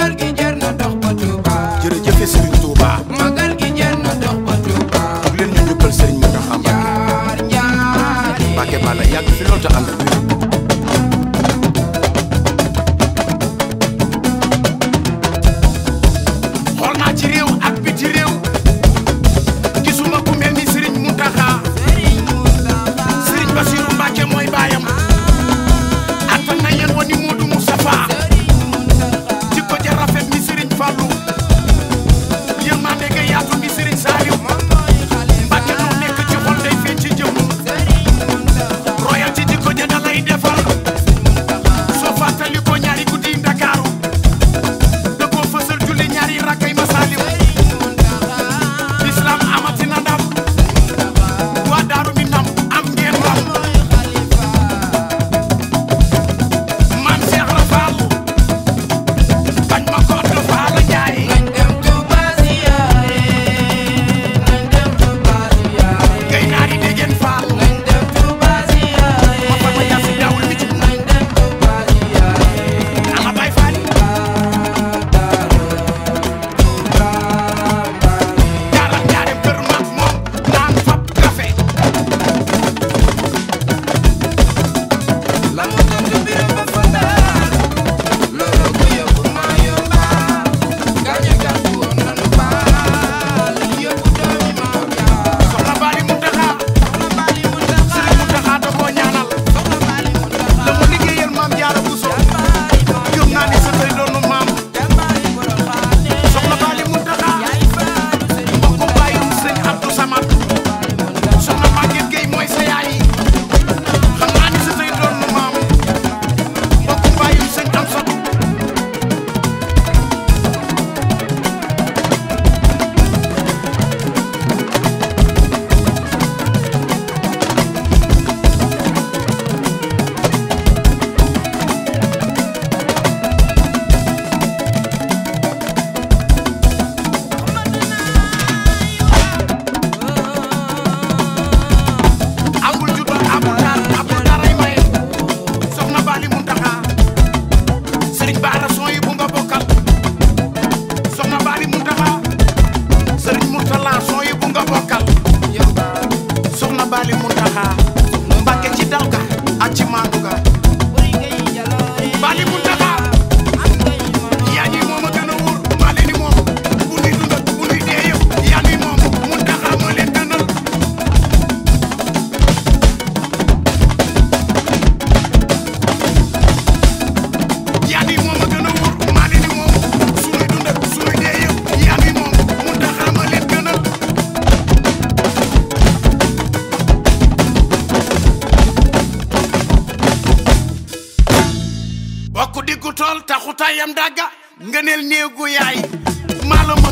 magal gi jar na dox ba Touba. jërëjëf Serigne Touba. magal gi jar na dox ba Touba. daf leen ñu njukkal Serigne Mountakha Mbacké. jaar njaari. Mbacké Balla yàgg fi loolu te ànd diggu tool taxuta yam dagga ngëneel néegu yaay maalum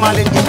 Money.